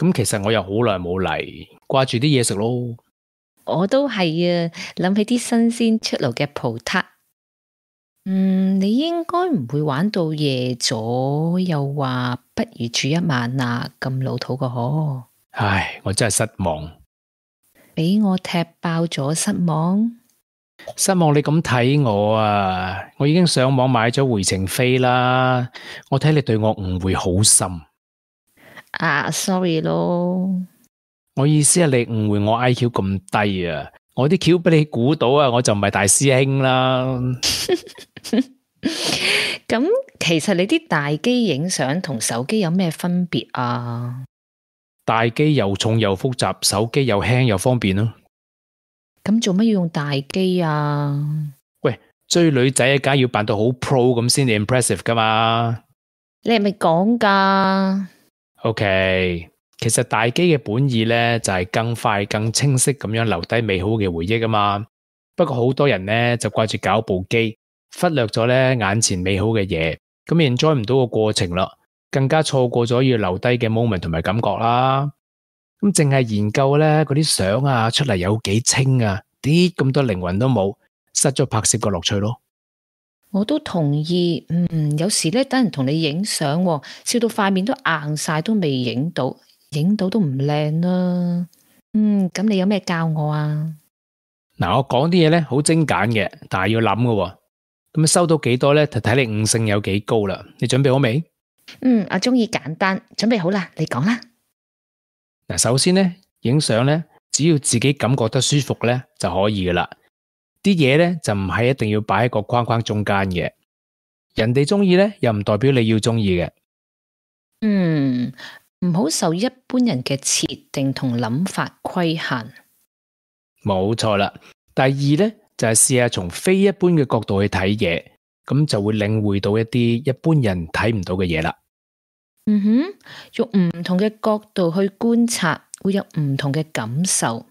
咁其實我又好耐冇嚟，掛住啲嘢食咯。我都係啊，諗起啲新鮮出爐嘅葡撻。嗯，你應該唔會玩到夜咗，又話不如住一晚啊？咁老土個嗬。唉，我真係失望，俾我踢爆咗失望。失望你咁睇我啊！我已經上網買咗回程飛啦。我睇你對我誤會好深。啊，sorry 咯。我意思係你誤會我 IQ 咁低啊。我啲橋俾你估到啊，我就唔係大師兄啦。咁、 嗯、其實你啲大機影相同手機有咩分別啊？大機又重又複雜，手機又輕又方便咯、啊。咁做乜要用大機啊？喂，追女仔梗係要扮到好 pro 咁先至 impressive 噶嘛？你係咪講噶？O.K.，其實大機嘅本意咧就係、是、更快、更清晰咁樣留低美好嘅回憶啊嘛。不過好多人咧就掛住搞部機，忽略咗咧眼前美好嘅嘢，咁 enjoy 唔到個過程咯，更加錯過咗要留低嘅 moment 同埋感覺啦。咁淨係研究咧嗰啲相啊出嚟有幾清啊，啲咁多靈魂都冇，失咗拍攝個樂趣咯。我都同意，嗯，有時咧等人同你影相，哦，笑到塊面都硬晒，都未影到，影到都唔靚啦。嗯，咁你有咩教我啊？嗱、嗯，我講啲嘢咧好精簡嘅，但係要諗噶、哦，咁啊收到幾多咧，就睇你悟性有幾高啦。你準備好未？嗯，我中意簡單，準備好啦，你講啦。嗱，首先咧，影相咧，只要自己感覺得舒服咧就可以噶啦。啲嘢咧就唔係一定要擺喺個框框中間嘅，人哋中意咧又唔代表你要中意嘅。嗯，唔好受一般人嘅設定同諗法規限。冇錯啦，第二咧就係、是、試下從非一般嘅角度去睇嘢，咁就會領會到一啲一般人睇唔到嘅嘢啦。嗯哼，用唔同嘅角度去觀察，會有唔同嘅感受。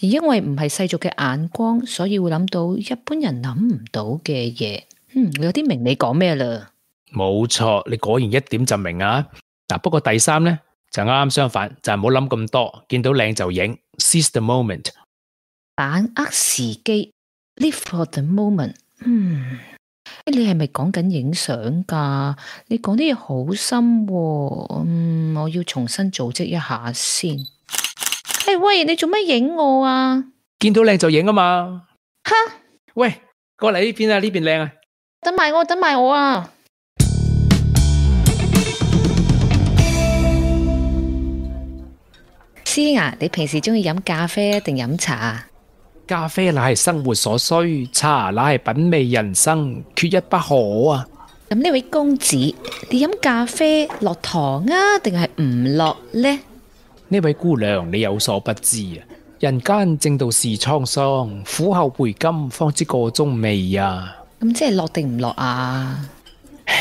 而因為唔係世俗嘅眼光，所以會諗到一般人諗唔到嘅嘢。嗯，我有啲明你講咩啦。冇錯，你果然一點就明啊！嗱，不過第三呢，就啱啱相反，就係唔好諗咁多，見到靚就影 seize the moment，把握時機，live for the moment。嗯，你係咪講緊影相噶？你講啲嘢好深啊，嗯，我要重新組織一下先。誒喂，你做咩影我啊？見到靚就影啊嘛！吓哈，喂，過嚟呢邊啊，呢邊靚啊！等埋我，等埋我啊！思雅啊，你平時中意飲咖啡定飲茶啊？咖啡乃係生活所需，茶乃係品味人生，缺一不可啊！咁呢位公子，你飲咖啡落糖啊，定係唔落呢？呢位姑娘，你有所不知啊！人間正道是滄桑，苦後回甘，方知個中味啊！咁即係落定唔落啊？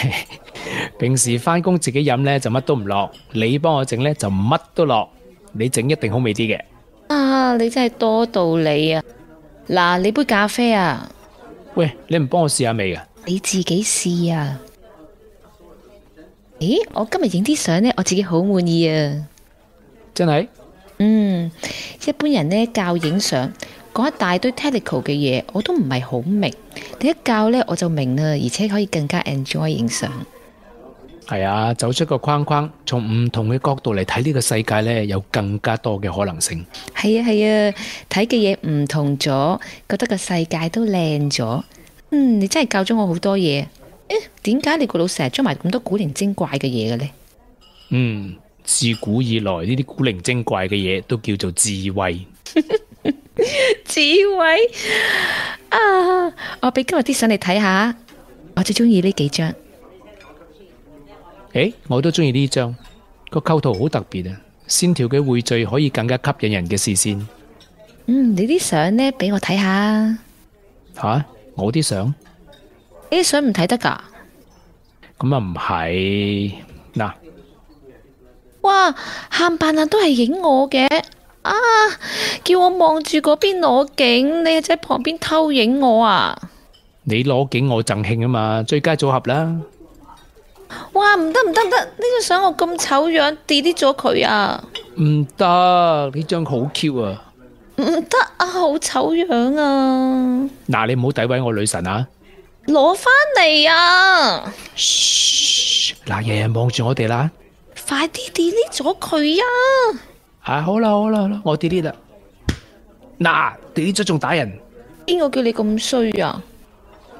平時返工自己飲呢，就乜都唔落，你幫我整呢，就乜都落，你整一定好味啲嘅。啊！你真係多道理啊！嗱，你杯咖啡啊？喂，你唔幫我試下味啊？你自己試啊？咦，我今日影啲相呢，我自己好滿意啊！真係，嗯，一般人咧，教影相，講一大堆 technical 嘅嘢，我都唔係好明。你一教咧，我就明啦，而且可以更加 enjoy 影相。係啊，走出個框框，從唔同嘅角度嚟睇呢個世界咧，有更加多嘅可能性。係啊係啊，睇嘅嘢唔同咗，覺得個世界都靚咗。嗯，你真係教咗我好多嘢。誒、欸，點解你個腦成日裝埋咁多古靈精怪嘅嘢嘅咧？嗯。自古以來呢啲古靈精怪嘅嘢，都叫做智慧。 智慧啊！我俾今日啲相你睇下，我最中意呢幾張。誒、欸，我都中意呢張，個構圖好特別啊，線條嘅匯聚可以更加吸引人嘅視線。嗯，你啲相呢？俾我睇下。吓？我啲相？呢啲相唔睇得噶？咁啊，唔係。哇，冚唪唥都係影我嘅啊！叫我望住嗰邊攞景，你又在旁邊偷影我啊！你攞景我贈興啊嘛，最佳組合啦！哇，唔得唔得唔得，呢張相我咁醜樣，delete 咗佢啊！唔得，呢張好 Q 啊！唔得啊，好醜樣啊！嗱，你唔好詆毀我女神啊！攞翻嚟啊！嗱，日日望住我哋啦！快啲 delete 咗佢啊！係，好啦好啦，我 delete 啦。嗱，delete 咗仲打人？邊個叫你咁衰啊？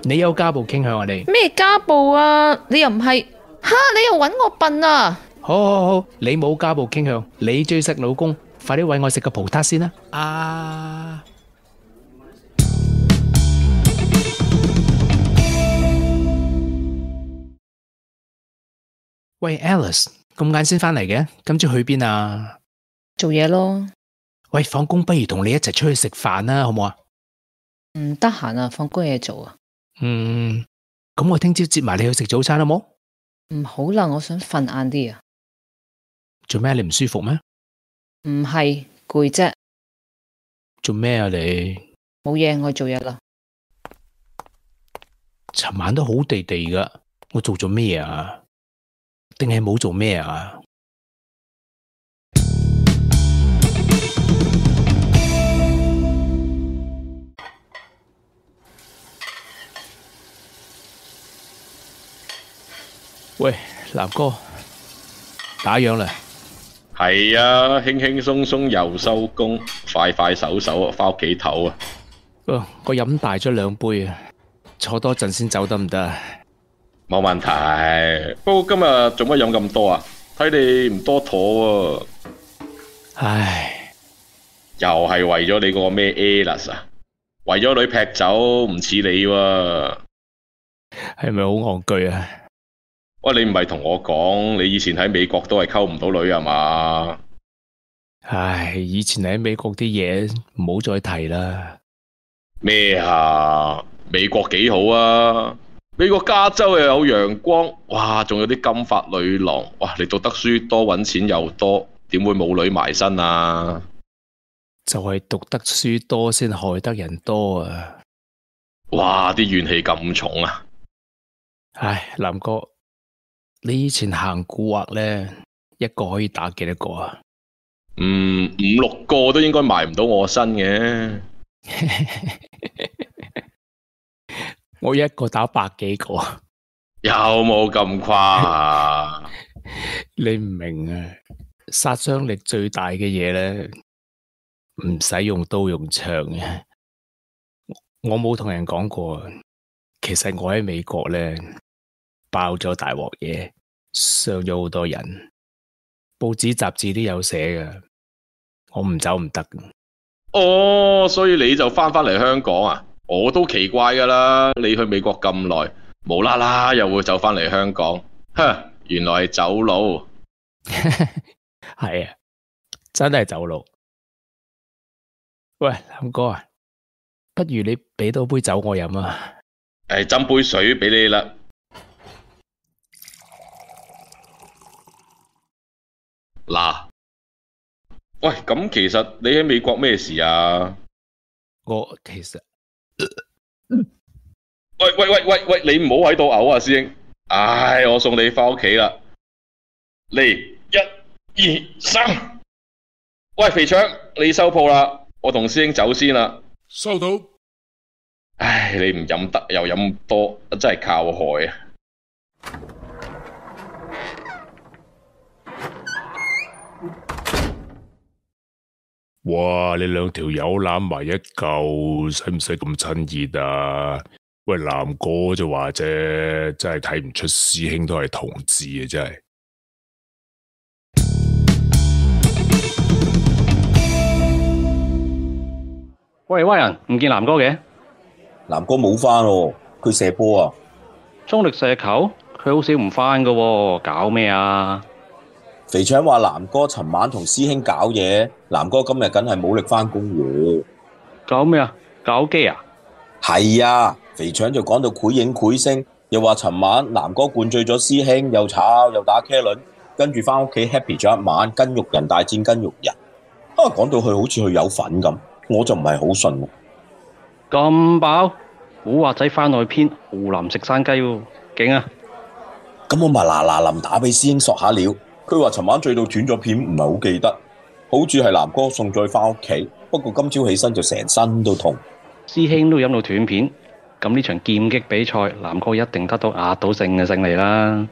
你有家暴傾向啊？你咩家暴啊？你又唔係吓？你又搵我笨啊？好好好，你冇家暴傾向，你最識老公。快啲餵我食個葡撻先啦！啊！喂，Alice。咁晏先翻嚟嘅，今朝去邊啊？做嘢咯。喂，放工不如同你一齊出去食飯啦，好唔好啊？唔得閒啊，放工嘢做啊。嗯，咁我聽朝接埋你去食早餐好冇？唔好啦，我想瞓晏啲啊。做咩？你唔舒服咩？唔係，攰啫。做咩啊？你？冇嘢，我去做嘢啦。尋晚都好地地噶，我做咗咩啊？定係冇做咩啊？喂，南哥，打烊啦。係啊，輕輕鬆鬆又收工，快快手手啊，返屋企唞啊。個我飲大咗兩杯啊，坐多陣先走得唔得啊？冇問題，不過今日做乜飲咁多啊？睇你唔多妥喎。唉，又係為咗你個咩？Alice 啊，為咗女劈酒，唔似你喎。係咪好戇居啊？是是啊喂，你唔係同我講，你以前喺美國都係溝唔到女啊嘛？唉，以前喺美國啲嘢唔好再提啦。咩啊？美國幾好啊？美國加州又有陽光，哇！仲有啲金髮女郎，哇！你讀得書多，揾錢又多，點會冇女埋身啊？就係讀得書多先害得人多啊！哇！啲怨氣咁重啊！唉，南哥，你以前行古惑呢，一個可以打幾多個啊？嗯，五六個都應該埋唔到我身嘅。 我一個打百幾個，有冇咁誇大？ 你唔明啊！殺傷力最大嘅嘢咧，唔使用，用刀用槍嘅。我冇同人講過，其實我喺美國咧，爆咗大鑊嘢，傷咗好多人，報紙、雜誌都有寫嘅。我唔走唔得哦，oh, 所以你就返返嚟香港啊？我都奇怪噶啦，你去美國咁耐，無啦啦又會走返嚟香港，哼，原來係走佬，係 啊，真係走佬。喂，林哥啊，不如你俾多杯酒我飲啊，誒，斟杯水俾你 啦。嗱，喂，咁其實你喺美國咩事啊？我其實。喂喂喂喂喂，你唔好喺度嘔啊，師兄！唉，我送你翻屋企啦。嚟，一、二、三，喂，肥腸，你收鋪啦，我同師兄走先啦。收到。唉，你唔飲得又飲多，真係靠海啊！哇！你兩條友攬埋一嚿，使唔使咁親熱啊？喂，南哥就話啫，真係睇唔出師兄都係同志嘅、啊、真係。喂，喂，人唔見南哥嘅，南哥冇翻，佢射波啊！中力射球，佢好少唔翻噶，搞咩啊？肥腸話：南哥尋晚同師兄搞嘢，南哥今日梗係冇力翻工喎。搞咩啊？搞機啊？係啊！肥腸就講到繪影繪聲，又話尋晚南哥灌醉咗師兄，又炒又打茄輪，跟住翻屋企 happy 咗一晚，筋肉人大戰筋肉人。吓、啊，講到佢好似佢有份咁，我就唔係好信。咁爆古惑仔翻去編湖南食山雞喎，勁啊！咁、啊嗯、我咪嗱嗱臨打俾師兄索下料。佢話尋晚醉到斷咗片，唔係好記得，好似係南哥送佢翻屋企。不過今朝起身就成身都痛。師兄都飲到斷片，咁呢場劍擊比賽，南哥一定得到壓倒性嘅勝利啦。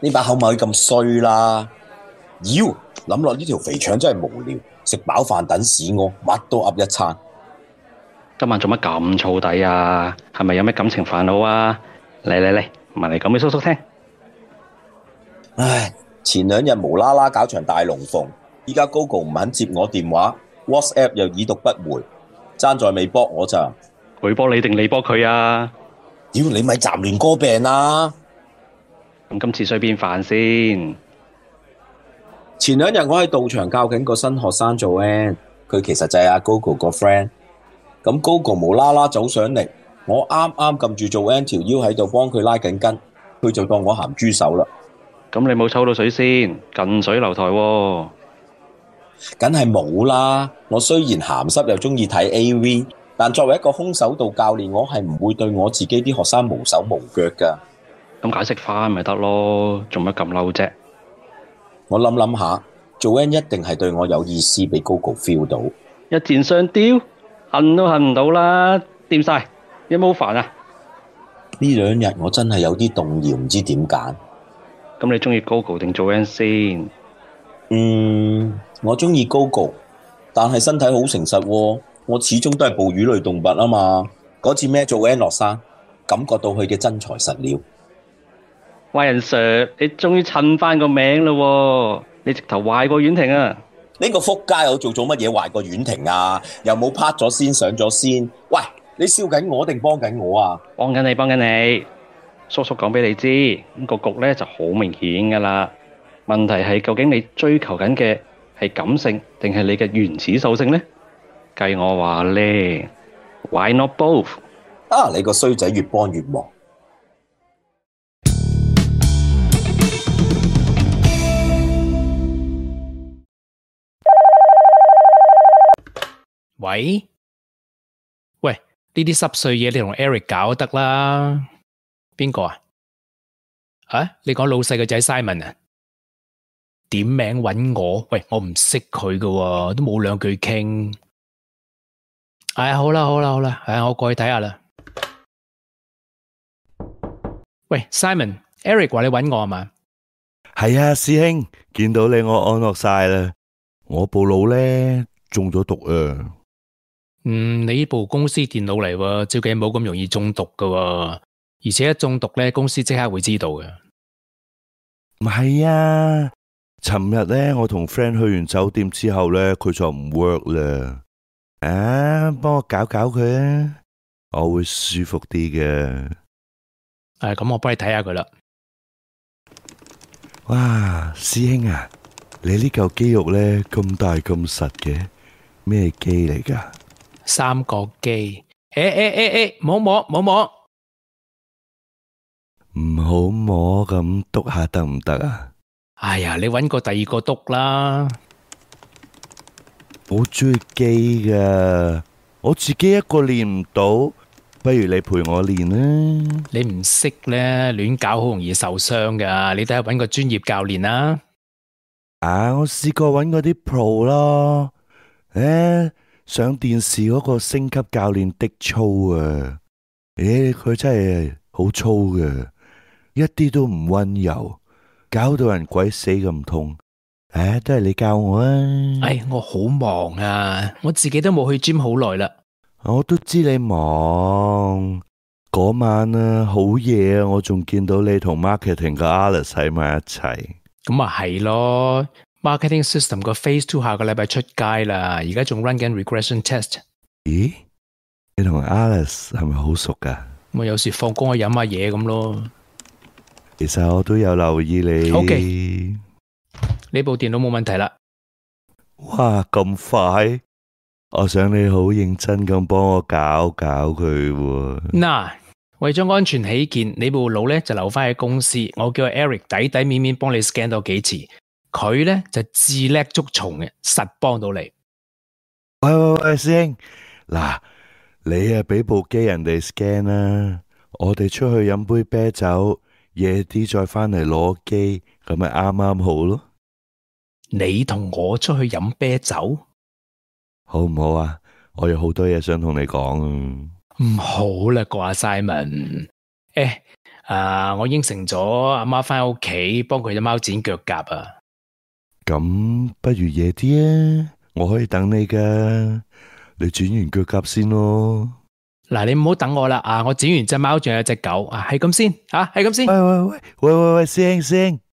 呢把口咪可以咁衰啦？妖諗落呢條肥腸真係無聊，食飽飯等屎屙，乜都噏一餐。今晚做乜咁燥底啊？係咪有咩感情煩惱啊？嚟嚟嚟，問嚟講俾叔叔聽。唉。前兩日無啦啦搞場大龍鳳，依家 Google 唔肯接我電話，WhatsApp 又已讀不回，爭在未 block 我咋？佢 block 你定你 block 佢啊？屌你咪雜亂哥病啊！咁今次衰邊瓣先？前兩日我喺道場教緊個新學生 Joanne，佢其實就係阿 Google 個 friend。咁 Google 無啦啦走上嚟，我啱啱撳住 Joanne 條腰喺度幫佢拉緊筋，佢就當我咸豬手啦。咁你冇抽到水先，近水樓台喎，梗係冇啦。我雖然鹹濕又中意睇 AV，但作為一個空手道教練，我係唔會對我自己啲學生毛手毛腳噶。咁解釋翻咪得咯，做乜咁嬲啫？我諗諗下，Joan 一定係對我有意思，俾 Google feel 到一箭雙雕，恨都恨唔到啦。掂晒，有冇好煩啊？呢兩日我真係有啲動搖，唔知點揀。咁你中意 Google 定做 N 先？嗯，我中意 Google，Go，但係身體好誠實啊。我始終都係哺乳類動物啊嘛。嗰次咩做 N 落山，感覺到佢嘅真材實料。喂，人 Sir，你終於襯翻個名咯啊？你直頭壞過婉婷啊？呢個福家又做咗乜嘢壞過婉婷啊？又冇啪咗先上咗先。喂，你笑緊我定幫緊我啊？幫緊你，幫緊你。叔叔講畀你知，咁個局咧就好明顯噶啦。問題係究竟你追求緊嘅係感性，定係你嘅原始獸性咧？計我話咧，Why not both？啊，你個衰仔越幫越忙。喂喂，呢啲濕碎嘢你同 Eric 搞得啦。邊個啊？啊，你講老細個仔 Simon 啊？點名揾我？喂，我唔識佢噶喎，都冇兩句傾。哎呀，好啦好啦好啦，哎，我過去睇下啦。喂，Simon，Eric 話你揾我係嘛？係啊，師兄見到你我安樂晒啦。我部腦咧中咗毒啊！嗯，你呢部公司電腦嚟喎，照計冇咁容易中毒噶喎、啊。而且一中毒咧，公司即刻會知道嘅。唔係啊，尋日咧我同 friend 去完酒店之後呢佢就唔 work 啦。啊，幫我搞搞佢啊，我會舒服啲嘅。誒、啊，咁我幫你睇下佢啦。哇，師兄啊，你呢嚿肌肉呢，咁大咁實嘅，咩肌嚟噶？三角肌。誒誒誒誒，唔好摸唔好摸。唔好摸咁篤下得唔得啊？哎呀，你揾個第二個督啦！我中意機噶，我自己一個練唔到，不如你陪我練啦。你唔識咧，亂搞好容易受傷噶，你睇下揾個專業教練啦。啊，我試過揾嗰啲 pro 咯，誒、欸，上電視嗰個升級教練的操啊，誒、欸，佢真係好粗噶～一啲都唔溫柔，搞到人鬼死咁痛。唉，都係你教我啊。唉，我好忙啊，我自己都冇去 gym 好耐啦。我都知你忙嗰晚啊，好夜啊，我仲見到你同 marketing 個 Alice 喺埋一齊。咁咪係咯，marketing system 個 phase two 下個禮拜出街啦，而家仲 run 緊 regression test。咦？你同 Alice 係咪好熟噶、啊？咪有時放工去飲下嘢咁咯。其實我都有留意你。OK，你部電腦冇問題啦。哇，咁快！我想你好認真咁幫我搞搞佢。嗱， nah, 為咗安全起見，你部腦咧就留翻喺公司。我叫 Eric 底底面面幫你 scan 多幾次，佢咧就自叻捉蟲嘅，實幫到你。喂喂喂，師兄，嗱，你啊俾部機人哋 scan 啦，啊，我哋出去飲杯啤酒。夜啲再返嚟攞機，咁咪啱啱好咯。你同我出去飲啤酒，好唔好啊？我有好多嘢想同你講。唔好啦，哥，呃，Simon。誒、欸，啊，我應承咗阿媽翻屋企幫佢隻貓剪腳甲啊。咁不如夜啲啊，我可以等你噶。你剪完腳甲先咯。嗱，你唔好等我啦啊！我剪完隻貓，仲有隻狗啊，係咁先吓，係咁先。喂喂喂喂喂喂，師兄師兄！